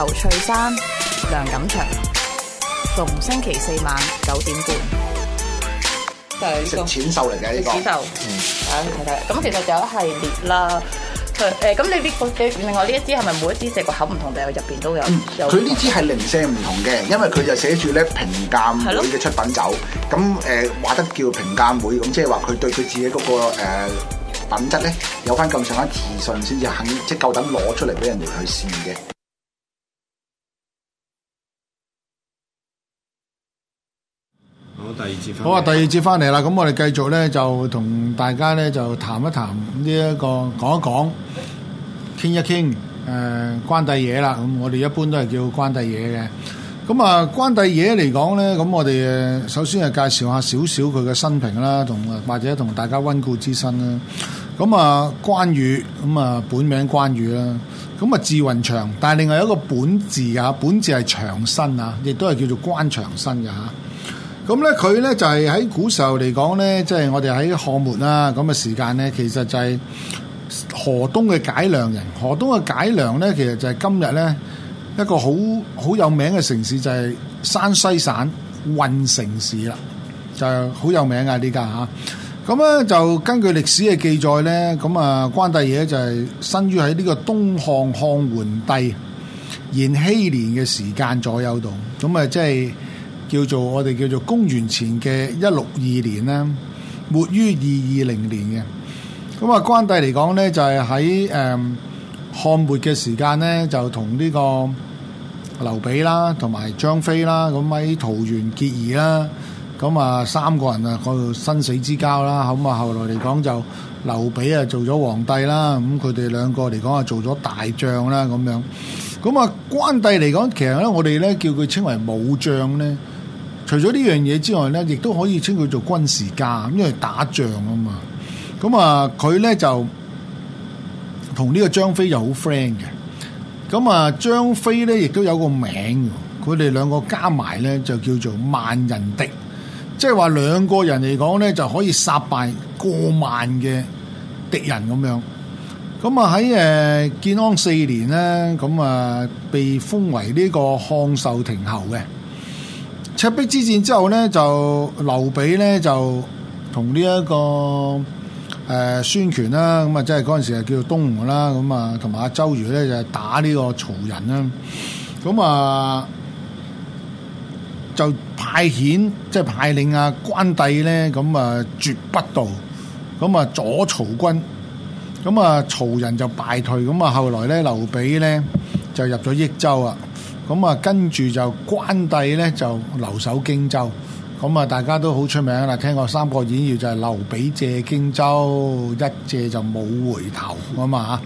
劉翠珊、梁錦祥，逢星期四晚九點半。食淺壽嚟嘅呢個，嗯，咁其實就有一系列啦。誒，咁你呢款另外呢一支係咪每一支四個口唔同定係入邊都有？嗯，佢呢支係零舍唔同嘅，因為佢就寫住咧評鑑會嘅出品酒。咁誒，話得叫評鑑會咁，即係話佢對佢自己嗰個誒品質咧有翻咁上下自信，先至肯即係夠膽攞出嚟俾人哋去試嘅。好啊！第二節翻嚟啦，咁、嗯、我哋繼續咧，就同大家咧就談一談呢、這個、一個講一講、傾一傾，誒關帝爺啦。咁我哋一般都係叫關帝爺嘅。咁啊，關帝爺嚟講咧，咁我哋首先係介紹下少少佢嘅生平啦，同或者同大家溫故知新啦。咁啊，關羽咁啊，本名關羽啦。咁啊，字雲長，但係另外一個本字啊，本字係長生啊，亦都係叫做關長生嘅嚇。啊。咁咧，佢咧就係喺古時候嚟講咧，即係我哋喺漢末啊咁嘅時間咧，其實就係河東嘅解良人。河東嘅解良咧，其實就係今日咧一個好好有名嘅城市，就係山西省運城市啦，就係好有名啊！依家吓，咁咧就根據歷史嘅記載咧，咁啊關帝爺就係生於喺呢個東漢漢桓帝延熹年嘅時間左右度，咁啊即係。叫做我哋叫做公元前嘅一六二年咧，末於二二零年嘅。咁啊，關帝嚟講咧，就係喺誒漢末嘅時間咧，就同呢個劉備啦，同埋張飛啦，咁喺桃園結義啦。咁啊，三個人啊，個生死之交啦。咁啊，後來嚟講就劉備啊，做咗皇帝啦。咁佢哋兩個嚟講啊，做咗大將啦，咁樣。咁啊，關帝嚟講，其實咧，我哋咧叫佢稱為武將咧。除咗呢樣嘢之外咧，亦都可以稱佢做軍事家，因為打仗啊嘛。咁啊，佢咧就同呢個張飛就好 friend 嘅。咁啊，張飛咧亦都有個名，佢哋兩個加埋咧就叫做萬人敵，即係話兩個人嚟講咧就可以殺敗過萬嘅敵人咁樣。咁啊喺誒建安四年咧，咁啊被封為呢個漢壽亭侯嘅。赤壁之戰之後咧，劉就劉備咧就同呢一個誒孫權啦，咁、呃、啊即係嗰陣時係叫做東吳啦，咁啊同埋阿周瑜咧就打呢個曹仁啦，咁啊就派遣即係派領啊，關帝咧，咁啊絕北道。咁啊阻曹軍，咁啊曹仁就敗退，咁啊後來咧劉備咧就入咗益州啊。咁啊，跟住就關帝咧就留守荊州，咁啊大家都好出名啦，聽過《三國演義》就係劉備借荊州一借就冇回頭啊，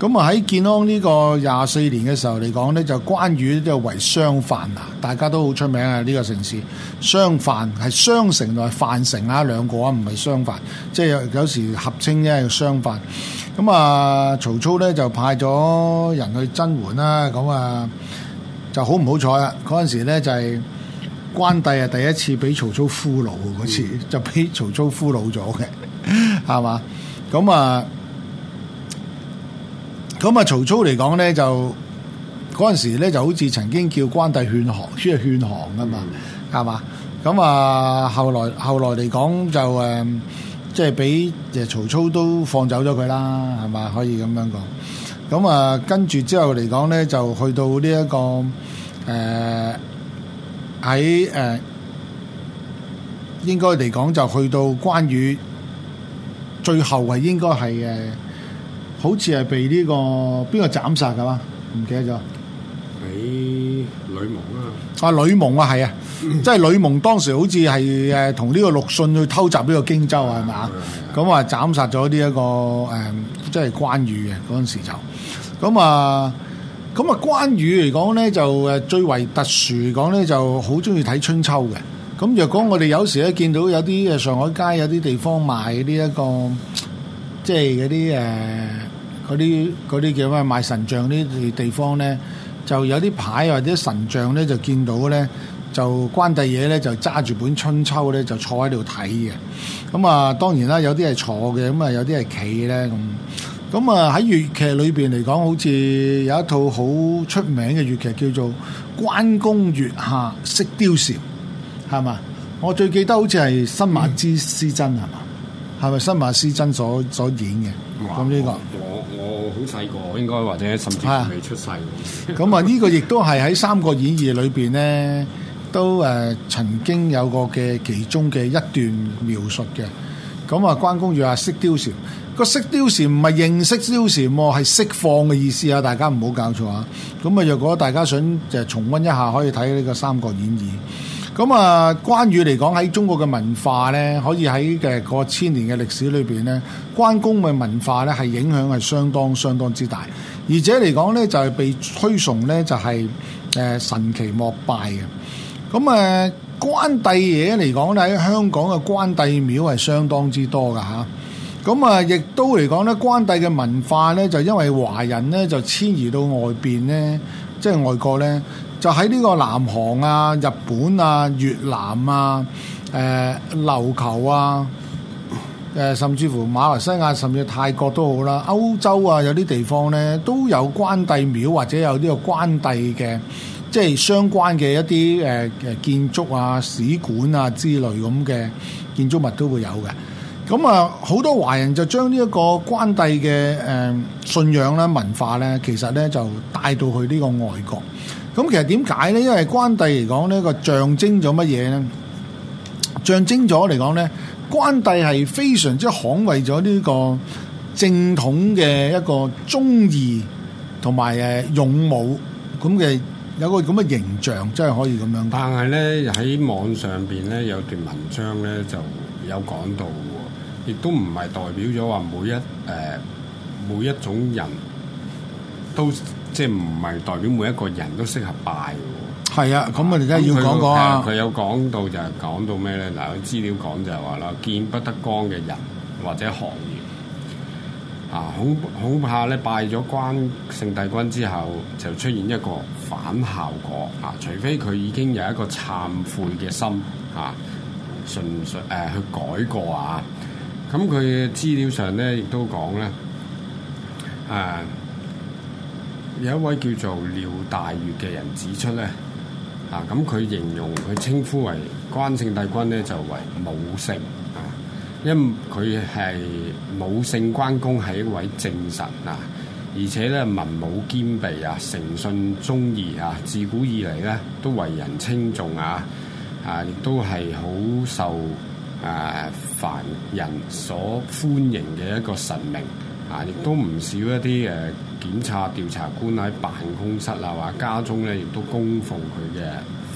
咁啊喺建安呢個廿四年嘅時候嚟講咧，就關羽就為商樊啊，大家都好出名啊呢、這個城市商樊係商城定係樊城啊？兩個啊，唔係商樊，即係有時合稱咧叫商樊。咁啊，曹操咧就派咗人去增援啦，咁啊。就好唔好彩啦！嗰陣時咧就係、是、關帝啊，第一次俾曹操俘虜嗰次，嗯、就俾曹操俘虜咗嘅，係 嘛？咁啊，咁啊，曹操嚟講咧就嗰陣時咧就好似曾經叫關帝勸降，即係勸降噶嘛，係嘛、嗯？咁啊，後來後來嚟講就誒，即係俾曹操都放走咗佢啦，係嘛？可以咁樣講。咁啊，跟住之後嚟講咧，就去到呢、這、一個誒喺誒應該嚟講就去到關羽最後係應該係誒，好似係被呢、這個邊個斬殺噶啦？唔記得咗？俾呂蒙啊！啊，呂蒙啊，係啊， 即係呂蒙當時好似係誒同呢個陸遜去偷襲呢個荊州啊，係嘛？咁話斬殺咗呢一個誒、呃，即係關羽嘅嗰陣時就。咁啊，咁啊、嗯，關羽嚟講咧就誒最為特殊，講咧就好中意睇春秋嘅。咁若果我哋有時咧見到有啲誒上海街有啲地方賣呢、這、一個，即係嗰啲誒嗰啲嗰啲叫咩賣神像啲地方咧，就有啲牌或者神像咧就見到咧，就關帝爺咧就揸住本春秋咧就坐喺度睇嘅。咁、嗯、啊，當然啦，有啲係坐嘅，咁啊有啲係企咧咁。嗯咁啊喺粵劇裏邊嚟講，好似有一套好出名嘅粵劇叫做《關公月下識貂蟬》，係嘛？我最記得好似係新馬之師曾，係嘛？係咪新馬師曾所所演嘅？咁呢個我我好細個，應該或者甚至未出世。咁啊個個呢個亦都係喺《三國演義》裏邊咧，都誒、呃、曾經有過嘅其中嘅一段描述嘅。咁啊關公月下識貂蟬。個釋貂蟬唔係認識貂蟬喎，係釋放嘅意思啊！大家唔好搞錯啊！咁啊，若果大家想就重温一下，可以睇呢個《三國演義》。咁啊，關羽嚟講喺中國嘅文化呢，可以喺嘅個千年嘅歷史裏邊呢，關公嘅文化呢係影響係相當相當之大。而且嚟講呢，就係、是、被推崇呢，就係誒神奇莫拜嘅。咁誒關帝爺嚟講呢，喺香港嘅關帝廟係相當之多㗎吓。咁啊，亦都嚟講咧，關帝嘅文化咧，就因為華人咧就遷移到外邊咧，即係外國咧，就喺呢個南韓啊、日本啊、越南啊、誒琉球啊、誒甚至乎馬來西亞，甚至泰國都好啦，歐洲啊有啲地方咧都有關帝廟或者有呢個關帝嘅即係相關嘅一啲誒誒建築啊、使館啊之類咁嘅建築物都會有嘅。咁啊，好、嗯、多華人就將呢一個關帝嘅誒、呃、信仰咧、文化咧，其實咧就帶到去呢個外國。咁其實點解咧？因為關帝嚟講，呢、呢個象徵咗乜嘢咧？象徵咗嚟講咧，關帝係非常之捍衞咗呢個正統嘅一個忠義同埋誒勇武咁嘅有個咁嘅形象，真係可以咁樣。但係咧喺網上邊咧有段文章咧就有講到。亦都唔係代表咗話每一誒、呃、每一種人都即係唔係代表每一個人都適合拜嘅。係啊，咁我哋而家要講講啊。佢、啊、有講到就係講到咩咧？嗱、啊，佢資料講就係話啦，見不得光嘅人或者行業啊，恐恐怕咧拜咗關聖帝君之後就出現一個反效果啊。除非佢已經有一個懺悔嘅心啊，純粹誒去改過啊。咁佢資料上咧，亦都講咧，啊，有一位叫做廖大月嘅人指出咧，啊，咁、啊、佢形容佢稱呼為關聖帝君咧，就為武聖，啊，因佢係武聖關公係一位正神啊，而且咧文武兼備啊，誠信忠義啊，自古以嚟咧都為人稱重啊，啊，亦都係好受啊，凡人所歡迎嘅一個神明，啊，亦都唔少一啲誒、呃、檢察調查官喺辦公室啊、或者家中咧，亦都供奉佢嘅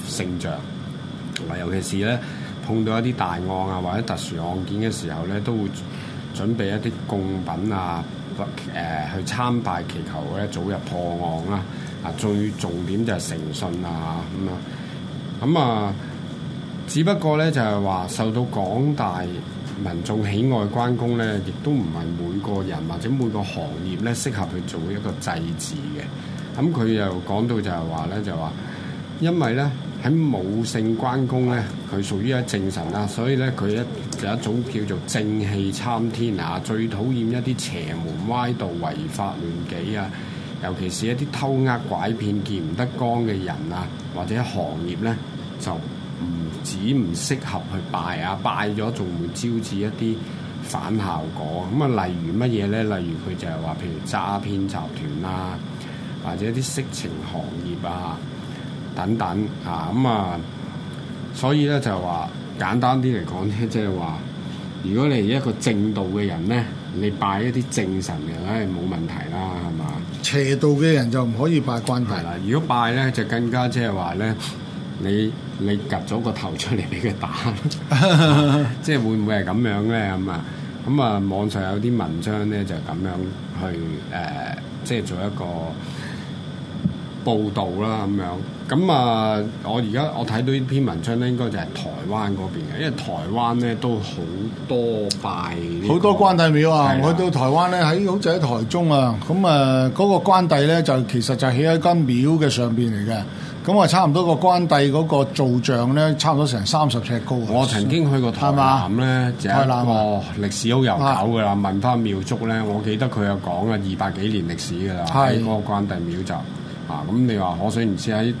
聖像。啊，尤其是咧碰到一啲大案啊，或者特殊案件嘅時候咧，都會準備一啲供品啊，誒、呃、去參拜祈求咧早日破案啦、啊。啊，最重點就係誠信啊，咁啊，咁啊。啊。只不過咧，就係話受到廣大民眾喜愛關公咧，亦都唔係每個人或者每個行業咧適合去做一個祭祀嘅。咁、嗯、佢又講到就係話咧，就話因為咧喺武聖關公咧，佢屬於一正神啦、啊，所以咧佢一有一種叫做正氣參天啊，最討厭一啲邪門歪道違法亂紀啊，尤其是一啲偷呃拐騙見唔得光嘅人啊，或者行業咧就。唔止唔適合去拜啊，拜咗仲會招致一啲反效果。咁啊，例如乜嘢咧？例如佢就係話，譬如詐騙集團啊，或者啲色情行業啊，等等啊。咁、嗯、啊，所以咧就係話簡單啲嚟講咧，即係話，如果你係一個正道嘅人咧，你拜一啲正神嘅，梗係冇問題啦，係嘛？邪道嘅人就唔可以拜關係。嗱，如果拜咧，就更加即係話咧，你。你夾咗個頭出嚟俾佢打， 即係會唔會係咁樣咧？咁啊，咁啊，網上有啲文章咧就咁樣去誒、呃，即係做一個報道啦，咁樣。咁啊，我而家我睇到呢篇文章咧，應該就係台灣嗰邊嘅，因為台灣咧都好多拜好、這個、多關帝廟啊！是的 我去到台灣咧，喺好似喺台中啊，咁啊嗰個關帝咧就其實就起喺一間廟嘅上邊嚟嘅。咁我差唔多個關帝嗰個造像咧，差唔多成三十尺高。我曾經去過台南咧，就吧一個歷史好悠久嘅啦。吧問返廟祝咧，我記得佢有講啊，二百幾年歷史嘅啦。喺吧個關帝廟就啊，咁你話可想而知喺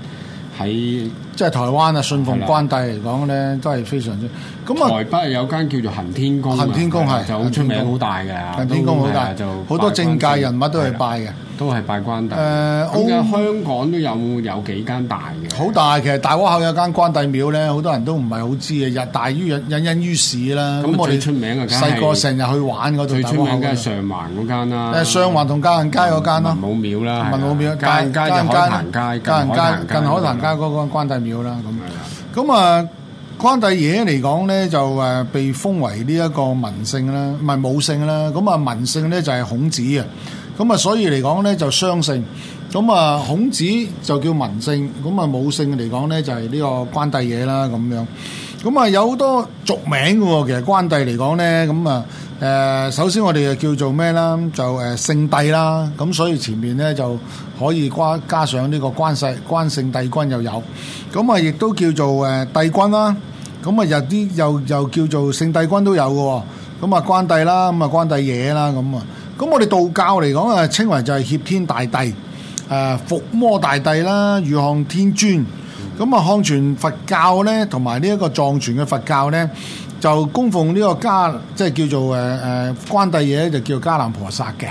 喺。即係台灣啊！信奉關帝嚟講咧，都係非常之。咁啊，台北有間叫做行天宮，行天宮係就好出名、好大嘅。行天宮好大，就好多政界人物都係拜嘅，都係拜關帝。誒，香港都有有幾間大嘅。好大其實，大窩口有間關帝廟咧，好多人都唔係好知嘅。日大於隱隱於市啦。咁我哋出名啊，細個成日去玩嗰度。最出名嘅係上環嗰間啦，上環同嘉仁街嗰間咯。文武廟啦，嘉仁街、嘉仁街、嘉海街近海壇街嗰個關帝。要啦，咁，咁啊，關帝爺嚟講咧就誒被封為呢一個文聖啦，唔係武聖啦，咁啊文聖咧就係孔子啊，咁啊所以嚟講咧就雙聖，咁啊孔子就叫文聖，咁啊武聖嚟講咧就係呢個關帝爺啦咁樣，咁啊有好多俗名嘅喎，其實關帝嚟講咧咁啊。誒、呃，首先我哋誒叫做咩啦？就誒、呃、聖帝啦，咁、嗯、所以前面咧就可以關加上呢個關世關聖帝君又有，咁啊亦都叫做誒帝君啦，咁、嗯、啊有啲又又叫做聖帝君都有嘅、哦，咁、嗯、啊關帝啦，咁、嗯、啊關帝爺啦，咁、嗯、啊，咁、嗯、我哋道教嚟講啊，稱為就係協天大帝，誒、呃、伏魔大帝啦，翊漢天尊。咁啊，漢傳佛教咧，同埋呢一個藏傳嘅佛教咧，就供奉呢個伽，即係叫做誒誒、呃、關帝爺，就叫伽藍菩薩嘅。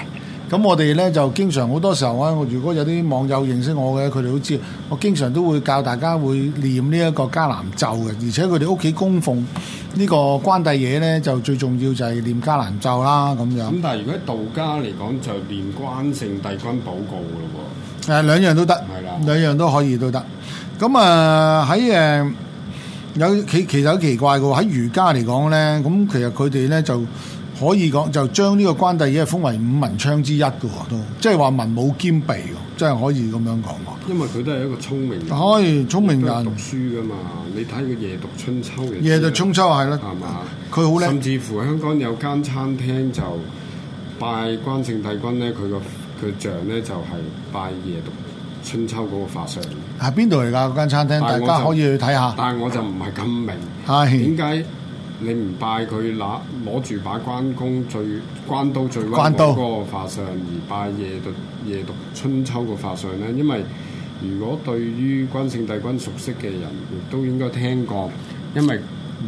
咁我哋咧就經常好多時候咧，我如果有啲網友認識我嘅，佢哋都知道我經常都會教大家會念呢一個伽藍咒嘅，而且佢哋屋企供奉呢個關帝爺咧，就最重要就係念伽藍咒啦咁樣。咁但係如果道家嚟講，就念關聖帝君寶誥咯喎。誒，兩樣都得，係啦，兩樣都可以的都得。都咁啊喺誒有其其實好奇怪嘅喎。喺儒家嚟講咧，咁其實佢哋咧就可以講就將呢個關帝爺封為五文昌之一嘅喎，都即係話文武兼備嘅，即係可以咁樣講喎。因為佢都係一個聰明人，可以聰明人讀書㗎嘛？你睇佢夜讀春秋嘅。夜讀春秋係啦，係嘛？佢好叻。甚至乎香港有間餐廳就拜關聖帝君咧，佢個佢像咧就係拜夜讀春秋嗰個法相係邊度嚟㗎？嗰間餐廳大家可以去睇下。但係我就唔係咁明，係點解你唔拜佢攞攞住把關公最關刀最關刀嗰個法相，而拜夜讀夜讀春秋個法相呢？因為如果對於關聖帝君熟悉嘅人亦都應該聽過，因為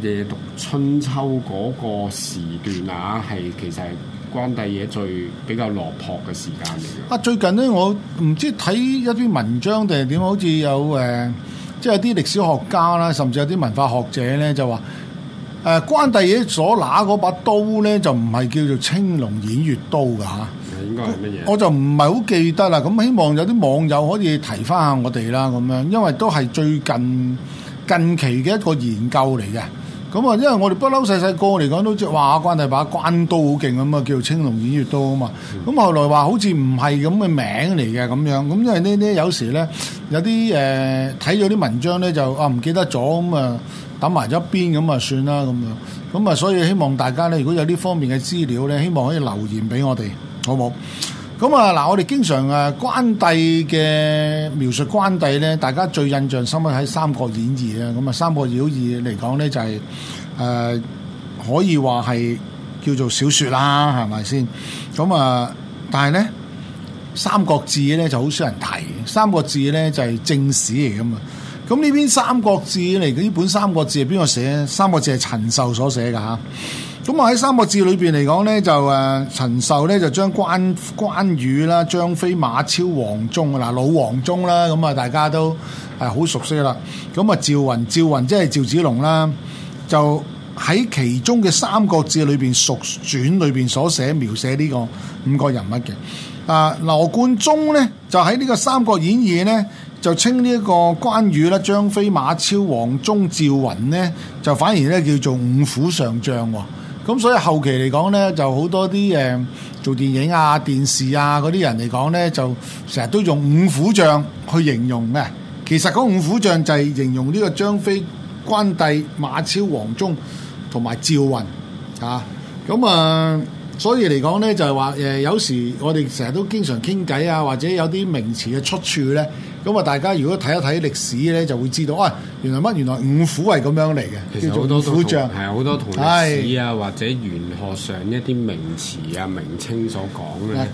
夜讀春秋嗰個時段啊，係其實係。關帝爺最比較落魄嘅時間嚟嘅。啊，最近咧，我唔知睇一篇文章定係點，好似有誒、呃，即係有啲歷史學家啦，甚至有啲文化學者咧，就話誒、呃、關帝爺所拿嗰把刀咧，就唔係叫做青龍偃月刀嘅吓。係應該係乜嘢？我就唔係好記得啦。咁希望有啲網友可以提翻下我哋啦，咁樣，因為都係最近近期嘅一個研究嚟嘅。咁啊，因為我哋不嬲細細個嚟講都即係話關大把關刀好勁咁啊，叫做青龍偃月刀啊嘛。咁後來話好似唔係咁嘅名嚟嘅咁樣。咁因為呢呢有時咧有啲誒睇咗啲文章咧就啊唔記得咗咁啊，抌埋咗一邊咁啊算啦咁樣。咁啊，所以希望大家咧如果有呢方面嘅資料咧，希望可以留言俾我哋，好冇？咁啊，嗱，我哋經常啊關帝嘅描述關帝咧，大家最印象深刻喺《三國演義》啊。咁啊，《三國演義、就是》嚟講咧就係誒可以話係叫做小説啦，係咪先？咁啊，但係咧《三國志》咧就好少人提，《三國志》咧就係正史嚟噶嘛。咁呢邊《三國志》嚟，呢本《三國志》係邊個寫？《三國志》係陳壽所寫噶嚇。咁我喺《三國志》裏邊嚟講咧，就誒，陳壽咧就將關關羽啦、張飛、馬超、黃忠嗱老黃忠啦，咁啊，大家都係好熟悉啦。咁啊，趙雲，趙雲即係趙子龍啦，就喺其中嘅《三國志》裏邊蜀傳裏邊所寫描寫呢個五個人物嘅。啊，羅貫中咧就喺呢個《三國演義》咧就稱呢一個關羽啦、張飛、馬超、黃忠、趙雲咧就反而咧叫做五虎上將。咁所以後期嚟講呢，就好多啲誒做電影啊、電視啊嗰啲人嚟講呢，就成日都用五虎將去形容嘅。其實嗰五虎將就係形容呢個張飛、關帝、馬超、黃忠同埋趙雲啊。咁啊，所以嚟講呢，就係話誒有時我哋成日都經常傾偈啊，或者有啲名詞嘅出處呢。咁啊！大家如果睇一睇歷史咧，就會知道啊、哎，原來乜原來五虎係咁樣嚟嘅，叫好多虎將。係好多同歷史啊，是或者玄河上一啲名詞啊、名稱所講咧，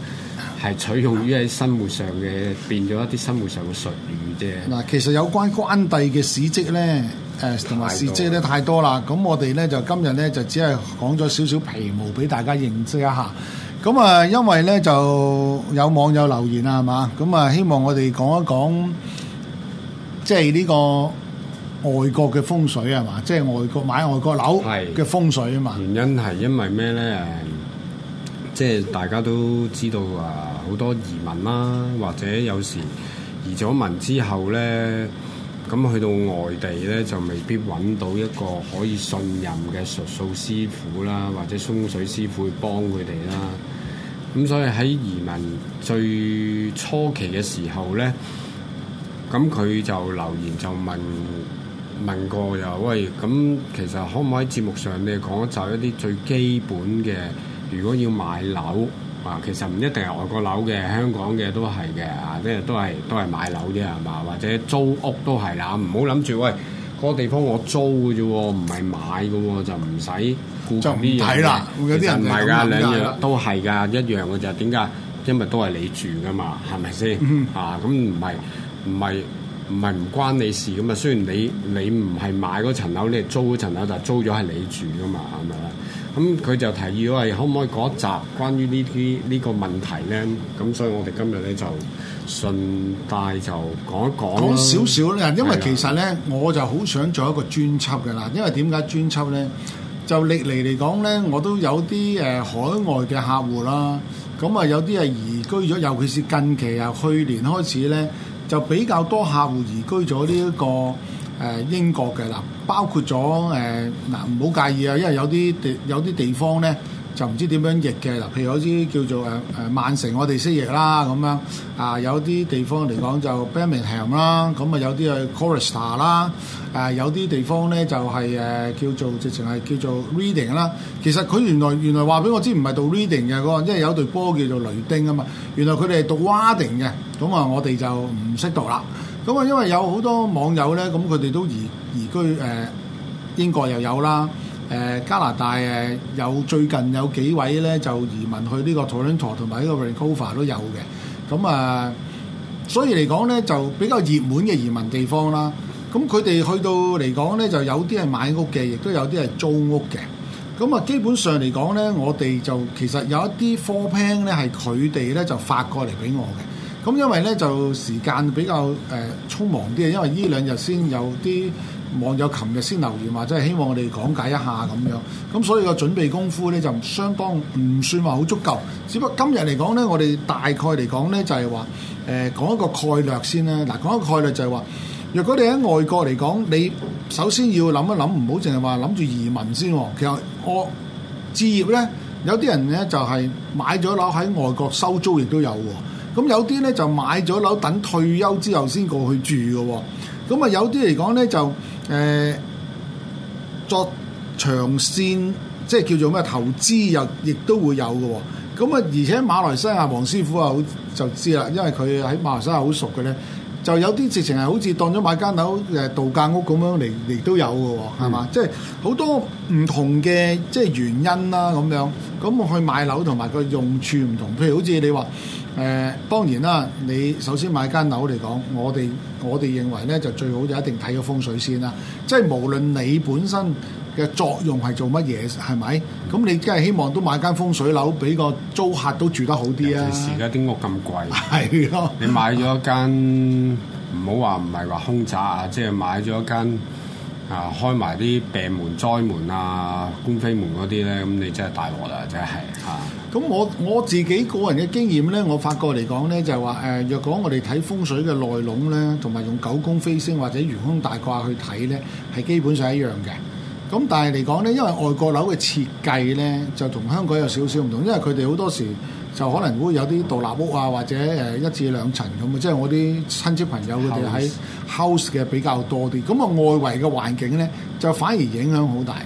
係是取用於喺生活上嘅，變咗一啲生活上嘅術語啫。嗱，其實有關關帝嘅史跡咧，誒同埋史跡咧太多啦。咁我哋咧就今日咧就只係講咗少少皮毛俾大家認識一下。咁啊，因為咧就有網友留言啊，係嘛？咁啊，希望我哋講一講，即係呢個外國嘅風水啊，嘛？即係外國買外國樓嘅風水啊嘛。原因係因為咩咧？即係大家都知道啊，好多移民啦，或者有時移咗民之後咧，咁去到外地咧，就未必揾到一個可以信任嘅術數師傅啦，或者松水師傅去幫佢哋啦。咁所以喺移民最初期嘅時候咧，咁佢就留言就問問過又喂，咁其實可唔可以喺節目上你講就一啲最基本嘅，如果要買樓啊，其實唔一定係外國樓嘅，香港嘅都係嘅啊，即係都係都係買樓啫，係嘛，或者租屋都係啦，唔好諗住喂。個地方我租嘅啫喎，唔係買嘅喎，就唔使顧住呢樣。就睇啦，有啲人唔係㗎，兩樣都係㗎，一樣嘅就係點解？因為都係你住嘅嘛，係咪先？嗯、啊，咁唔係唔係唔係唔關你事嘅嘛。雖然你你唔係買嗰層樓，你係租嗰層樓，但、就係、租咗係你住嘅嘛，係咪啊？咁佢就提議，喂，可唔可以嗰一集關於呢啲呢個問題咧？咁所以我哋今日咧就順帶就講一講少少啦。因為其實咧，係嘅，我就好想做一個專輯嘅啦。因為點解專輯咧，就歷嚟嚟講咧，我都有啲誒、呃、海外嘅客戶啦。咁啊，有啲係移居咗，尤其是近期啊，去年開始咧，就比較多客戶移居咗呢一個誒、呃、英國嘅啦。包括咗誒嗱，唔、呃、好介意啊，因為有啲地有啲地方咧就唔知點樣譯嘅嗱，譬如有啲叫做誒誒、呃、曼城，我哋識譯啦咁樣啊、呃，有啲地方嚟講就 Birmingham 啦、呃，咁啊有啲啊 Corinthia 啦，誒有啲地方咧就係、是、誒叫做直情係叫做 Reading 啦。其實佢原來原來話俾我知唔係讀 Reading 嘅個，因為有隊波叫做雷丁啊嘛，原來佢哋係讀 Wading 嘅，咁啊我哋就唔識讀啦。咁啊，因為有好多網友咧，咁佢哋都移移居誒、呃、英國又有啦，誒、呃、加拿大誒有最近有幾位咧就移民去呢個 Toronto 同埋呢個 Vancouver 都有嘅，咁、嗯、啊、呃，所以嚟講咧就比較熱門嘅移民地方啦。咁佢哋去到嚟講咧，就有啲係買屋嘅，亦都有啲係租屋嘅。咁、嗯、啊，基本上嚟講咧，我哋就其實有一啲 floor plan 咧係佢哋咧就發過嚟俾我嘅。咁因為咧就時間比較誒、呃、匆忙啲啊，因為呢兩日先有啲網友琴日先留言，話，即係希望我哋講解一下咁樣。咁所以個準備功夫咧就相當唔算話好足夠。只不過今日嚟講咧，我哋大概嚟講咧就係話誒講一個概略先啦。嗱、呃，講一個概略就係話，若果你喺外國嚟講，你首先要諗一諗，唔好淨係話諗住移民先、哦。其實我置業咧，有啲人咧就係、是、買咗樓喺外國收租亦都有喎、哦。咁有啲咧就買咗樓，等退休之後先過去住嘅、哦。咁啊有啲嚟講咧就誒、欸、作長線，即係叫做咩投資又亦都會有嘅、哦。咁啊而且馬來西亞黃師傅啊就知啦，因為佢喺馬來西亞好熟嘅咧，就有啲直情係好似當咗買間樓誒度假屋咁樣嚟，亦都有嘅、哦，係嘛、嗯？即係好多唔同嘅即係原因啦、啊、咁樣。咁我去買樓同埋個用處唔同，譬如好似你話。誒、呃、當然啦，你首先買間樓嚟講，我哋我哋認為咧就最好就一定睇個風水先啦。即係無論你本身嘅作用係做乜嘢係咪？咁、嗯、你梗係希望都買間風水樓，俾個租客都住得好啲啊！而家啲屋咁貴，係咯，你買咗一間唔好話唔係話空宅啊，即係買咗一間啊開埋啲病門、災門啊、官非門嗰啲咧，咁你真係大禍啦！真係嚇。 咁我我自己個人嘅經驗咧，我發覺嚟講咧，就係話誒，若果我哋睇風水嘅內籠咧，同埋用九宮飛星或者玄空大卦去睇咧，係基本上一樣嘅。咁但係嚟講咧，因為外國樓嘅設計咧，就同香港有少少唔同，因為佢哋好多時就可能會有啲獨立屋啊，或者誒一至兩層咁啊，即係我啲親戚朋友佢哋喺 house 嘅比較多啲。咁啊，外圍嘅環境咧，就反而影響好大。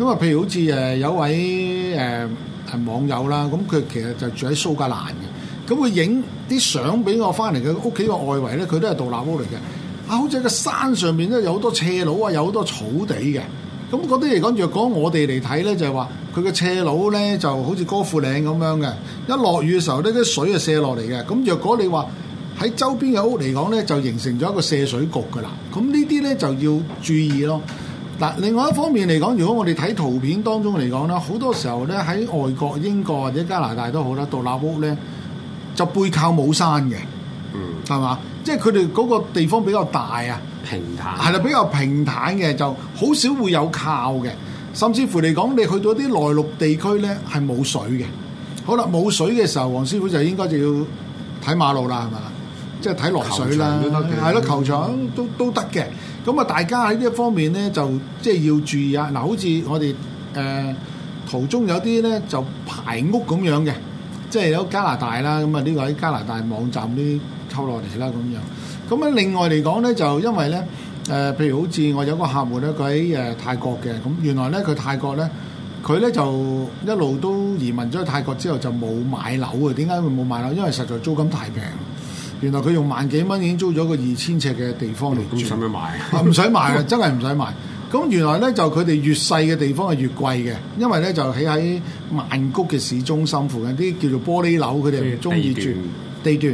因為譬如好似誒有位誒，呃係網友啦，咁佢其實就住喺蘇格蘭嘅，咁佢影啲相俾我翻嚟嘅屋企個外圍咧，佢都係獨立屋嚟嘅，啊，好似個山上面咧有好多斜路啊，有好多草地嘅，咁嗰啲嚟講，若果我哋嚟睇咧，就係話佢個斜路咧就好似高富嶺咁樣嘅，一落雨嘅時候呢，啲水啊射落嚟嘅，咁若果你話喺周邊嘅屋嚟講咧，就形成咗一個射水局嘅啦，咁呢啲咧就要注意咯。但另外一方面嚟講，如果我哋睇圖片當中嚟講咧，好多時候咧喺外國、英國或者加拿大都好啦，獨立屋咧就背靠冇山嘅，嗯，係嘛？即係佢哋嗰個地方比較大啊，平坦係啦，比較平坦嘅就好少會有靠嘅，甚至乎嚟講，你去到啲內陸地區咧係冇水嘅。好啦，冇水嘅時候，黃師傅就應該就要睇馬路啦，係咪？即係睇落水啦，係咯，球場都都得嘅。咁啊，大家喺呢一方面咧，就即係要注意啊。嗱，好似我哋誒途中有啲咧，就排屋咁樣嘅，即係有加拿大啦。咁啊，呢個喺加拿大網站啲抽落嚟啦咁樣。咁啊，另外嚟講咧，就因為咧誒，譬如好似我有個客戶咧，佢喺誒泰國嘅。咁原來咧，佢泰國咧，佢咧就一路都移民咗去泰國之後，就冇買樓呀。點解會冇買樓？因為實在租金太平。原來佢用萬幾蚊已經租咗個二千尺嘅地方嚟住，唔使、嗯、買，唔 使買啊！真係唔使買。咁原來咧就佢哋越細嘅地方係越貴嘅，因為咧就起喺曼谷嘅市中心附近啲叫做玻璃樓，佢哋唔中意住地段。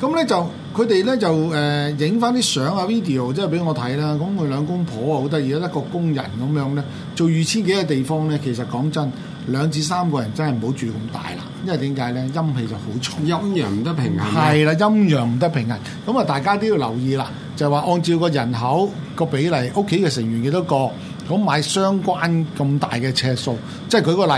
咁、嗯、咧就佢哋咧就誒影翻啲相啊 video，即係俾我睇啦。咁佢兩公婆啊好得意，得一個工人咁樣咧，做二千幾嘅地方咧，其實講真。兩至三個人真係唔好住咁大啦，因為點解呢？陰氣就好重，陰陽唔得平衡。係啦，陰陽唔得平衡，咁啊大家都要留意啦。就係話按照個人口個比例，屋企嘅成員幾多個，咁買相關咁大嘅尺數。即係舉個例，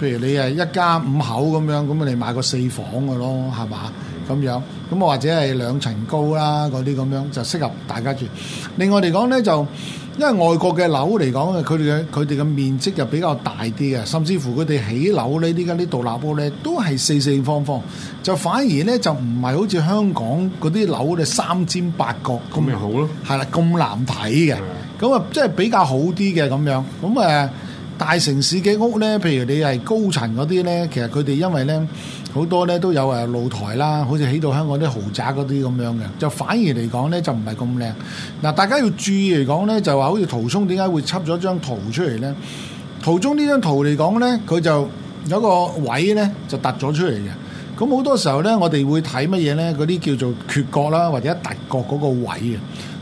譬如你係一家五口咁樣，咁你買個四房嘅咯，係嘛？咁樣，咁或者係兩層高啦，嗰啲咁樣就適合大家住。另外嚟講咧，就因為外國嘅樓嚟講，佢哋嘅佢哋嘅面積就比較大啲嘅，甚至乎佢哋起樓咧，依家啲獨立屋咧都係四四方方，就反而咧就唔係好似香港嗰啲樓嘅三尖八角咁咪好咯？係啦，咁難睇嘅，咁啊即係比較好啲嘅咁樣。咁誒，大城市嘅屋咧，譬如你係高層嗰啲咧，其實佢哋因為咧。好多咧都有誒露台啦，好似起到香港啲豪宅嗰啲咁樣嘅，就反而嚟講咧就唔係咁靚。嗱，大家要注意嚟講咧就話好似圖中點解會摳咗張圖出嚟咧？圖中呢張圖嚟講咧，佢就有個位咧就凸咗出嚟嘅。咁好多時候咧，我哋會睇乜嘢咧？嗰啲叫做缺角啦，或者凸角嗰個位嘅。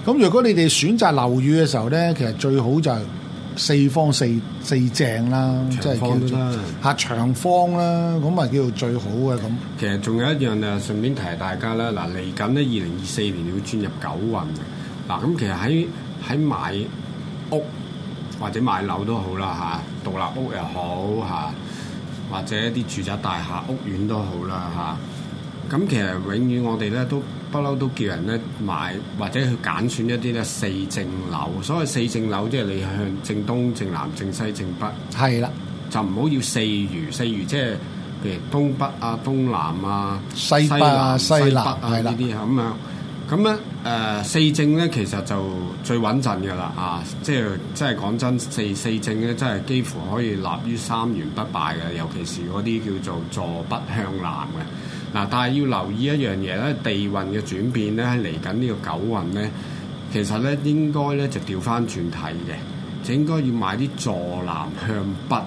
咁如果你哋選擇樓宇嘅時候咧，其實最好就係。四方四四正啦，即係吓長方啦，咁咪叫做最好嘅咁。其實仲有一樣就順便提大家啦，嗱嚟緊呢，二零二四年要轉入九運，嗱咁其實喺喺買屋或者買樓都好啦，吓獨立屋又好吓，或者啲住宅大廈屋苑都好啦，吓咁其實永遠我哋咧都。不嬲都叫人咧買，或者去揀選一啲咧四正樓。所謂四正樓即係你向正東、正南、正西、正北。係啦的，就唔好要，要四隅。四隅即係譬如東北啊、東南啊、西南啊、西北啊呢啲咁樣。咁咧誒四正咧其實就最穩陣嘅啦啊！即係即係講真，真，四四正咧真係幾乎可以立於三元不敗嘅，尤其是嗰啲叫做坐北向南嘅。嗱，但係要留意一樣嘢咧，地運嘅轉變咧，嚟緊呢個九運咧，其實咧應該咧就調翻轉睇嘅，應該要買啲坐南向北，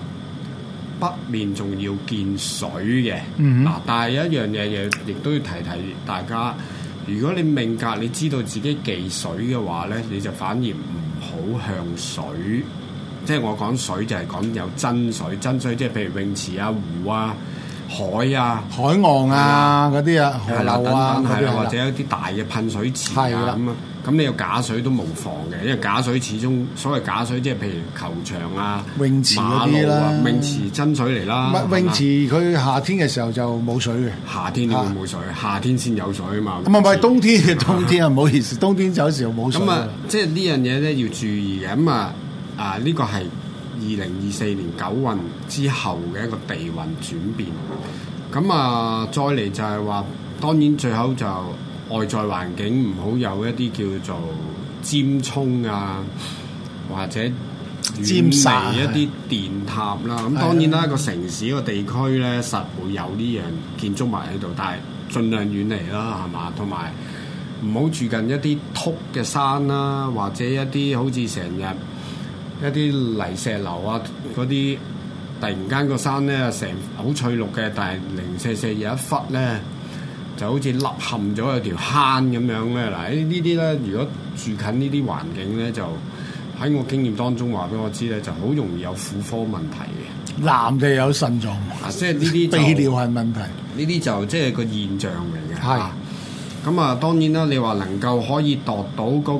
北面仲要見水嘅。嗱、嗯，但係一樣嘢，亦亦都要提提大家，如果你命格你知道自己忌水嘅話咧，你就反而唔好向水，即係我講水就係講有真水，真水即係譬如泳池啊、湖啊。海啊，海岸啊，嗰啲啊，河流啊，或者一啲大嘅噴水池啊，咁啊，咁你有假水都冇妨嘅，因為假水始終所謂假水即係譬如球場啊、泳池嗰啲啦，泳池真水嚟啦。泳池佢夏天嘅時候就冇水嘅，夏天你會冇水，夏天先有水嘛。唔係唔係，冬天嘅冬天啊，唔好意思，冬天有時候冇水。咁啊，即係呢樣嘢咧要注意嘅，咁啊，啊呢個係。二零二四年九運之後嘅一個地運轉變，咁啊，再嚟就係話，當然最好就外在環境唔好有一啲叫做尖沖啊，或者遠離一啲電塔啦。咁當然啦，一個城市個地區咧實會有呢樣建築物喺度，但係盡量遠離啦，係嘛？同埋唔好住近一啲禿嘅山啦，或者一啲好似成日。一啲泥石流啊，嗰啲突然間個山咧成好翠綠嘅，但係零舍舍有一忽咧，就好似凹陷咗有條坑咁樣咧。嗱，呢啲咧如果住近呢啲環境咧，就喺我經驗當中話俾我知咧，就好容易有婦科問題嘅。男嘅有腎臟，啊、即係呢啲泌尿係問題。呢啲就即係個現象嚟嘅。係的。咁啊，當然啦，你話能夠可以度到嗰、嗰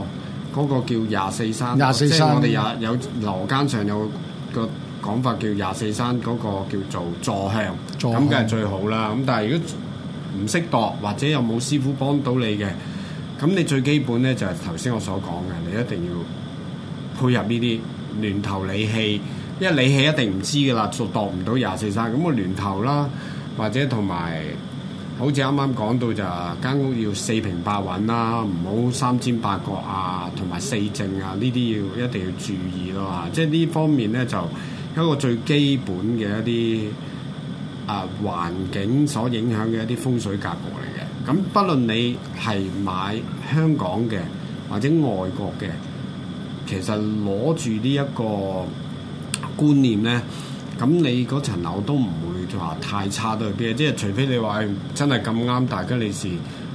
個。嗰個叫廿四山，四山即係我哋有有羅庚上有個講法叫廿四山，嗰個叫做坐向，咁梗係最好啦。咁但係如果唔識度，或者有冇師傅幫到你嘅，咁你最基本咧就係頭先我所講嘅，你一定要配合呢啲巒頭理氣，因為理氣一定唔知噶啦，就度唔到廿四山。咁個巒頭啦，或者同埋。好似啱啱講到就間屋要四平八穩啦，唔好三尖八角啊，同埋四正啊，呢啲要一定要注意咯嚇。即係呢方面咧，就一個最基本嘅一啲啊環境所影響嘅一啲風水格局嚟嘅。咁，不論你係買香港嘅或者外國嘅，其實攞住呢一個觀念咧，咁你嗰層樓都唔會。就話太差對啲嘢，即係除非你話真係咁啱大吉利是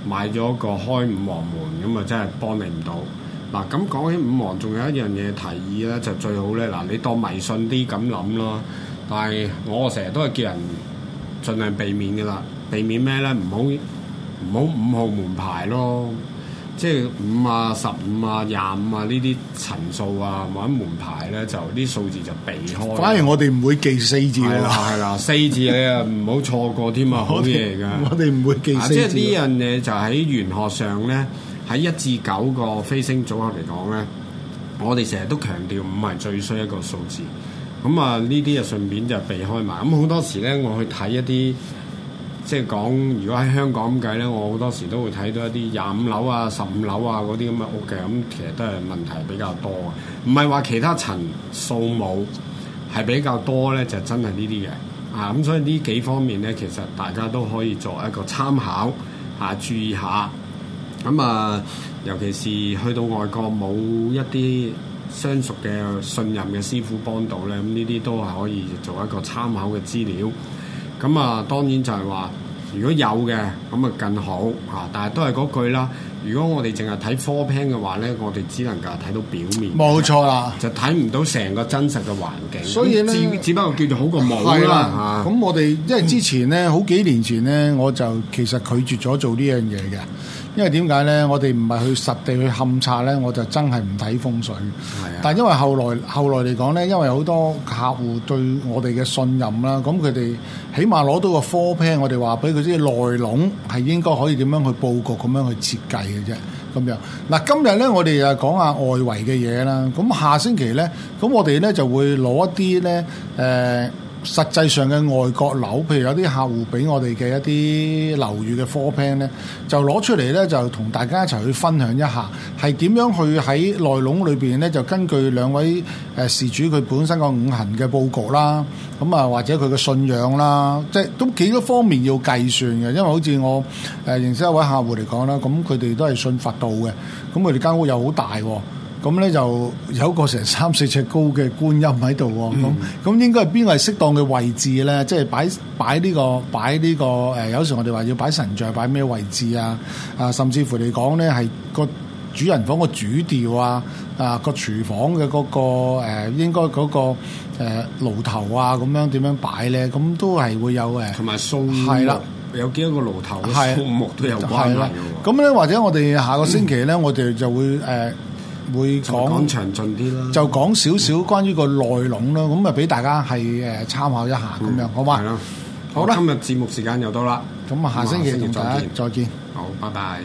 買咗個開五黃門咁啊，真係幫你唔到。嗱，咁講起五黃，仲有一樣嘢提議咧，就最好咧。嗱，你當迷信啲咁諗咯。但係我成日都係叫人盡量避免噶啦，避免咩咧？唔好唔好五號門牌咯。即係五啊、十五啊、廿五啊呢啲層數啊，或者門牌咧就啲數字就避開。反而我哋唔會記四字噶啦，係啦 四字你啊唔好錯過添 啊，好嘢嚟噶。我哋唔會記即係呢樣嘢就喺玄學上咧，喺一至九個飛星組合嚟講咧，我哋成日都強調五係最衰一個數字。咁啊呢啲啊順便就避開埋。咁好多時咧，我去睇一啲。即係講，如果喺香港咁計咧，我好多時都會睇到一啲廿五樓啊、十五樓啊嗰啲咁嘅屋嘅，咁其實都係問題比較多嘅。唔係話其他層數冇係比較多咧，就是、真係呢啲嘅。啊，咁所以呢幾方面咧，其實大家都可以作一個參考嚇、啊，注意下。咁啊，尤其是去到外國冇一啲相熟嘅信任嘅師傅幫到咧，咁呢啲都係可以作一個參考嘅資料。咁啊，當然就係話，如果有嘅，咁啊更好嚇。但係都係嗰句啦，如果我哋淨係睇 floor plan 嘅話咧，我哋只能夠睇到表面，冇錯啦，就睇唔到成個真實嘅環境。所以咧，只不過叫做好過冇啦嚇。咁的、啊、我哋因為之前咧，好幾年前咧，我就其實拒絕咗做呢樣嘢嘅。因為點解呢？我哋唔係去實地去勘察呢，我就真係唔睇風水。但係因為後來後來嚟講呢，因為好多客戶對我哋嘅信任啦，咁佢哋起碼攞到個 four pair，我哋話俾佢知內籠係應該可以點樣去佈局，咁樣去設計嘅啫。咁樣嗱，今日呢我哋又講下外圍嘅嘢啦。咁下星期呢，咁我哋呢就會攞一啲呢誒。實際上嘅外國樓，譬如有啲客戶俾我哋嘅一啲樓宇嘅 floor plan 咧，就攞出嚟咧，就同大家一齊去分享一下，係點樣去喺內籠裏邊咧，就根據兩位誒、呃、事主佢本身個五行嘅佈局啦，咁、嗯、啊或者佢嘅信仰啦，即係都幾多方面要計算嘅。因為好似我誒、呃、認識一位客戶嚟講啦，咁佢哋都係信佛道嘅，咁佢哋間屋又好大喎、哦。咁咧就有個成三四尺高嘅觀音喺度喎，咁咁、嗯、應該邊個係適當嘅位置咧？即係擺擺呢、呢個擺呢、呢個誒、呃，有時我哋話要擺神像，擺咩位置啊？啊，甚至乎嚟講咧，係個主人房個主調啊，啊個廚房嘅嗰、嗰個誒、呃，應該嗰、嗰個誒爐、呃、頭啊，咁樣點樣擺咧？咁都係會有誒，同埋數目啦，的有幾多個爐頭嘅數目都有關聯咁咧，或者我哋下個星期咧，我哋就會誒，嗯嗯嗯會講詳盡啲啦，就講少少關於個內容啦，咁啊俾大家係誒參考一下咁、嗯、樣，好嘛？好啦，好吧今日節目時間又到啦，咁啊下星期同大家再見，好拜拜。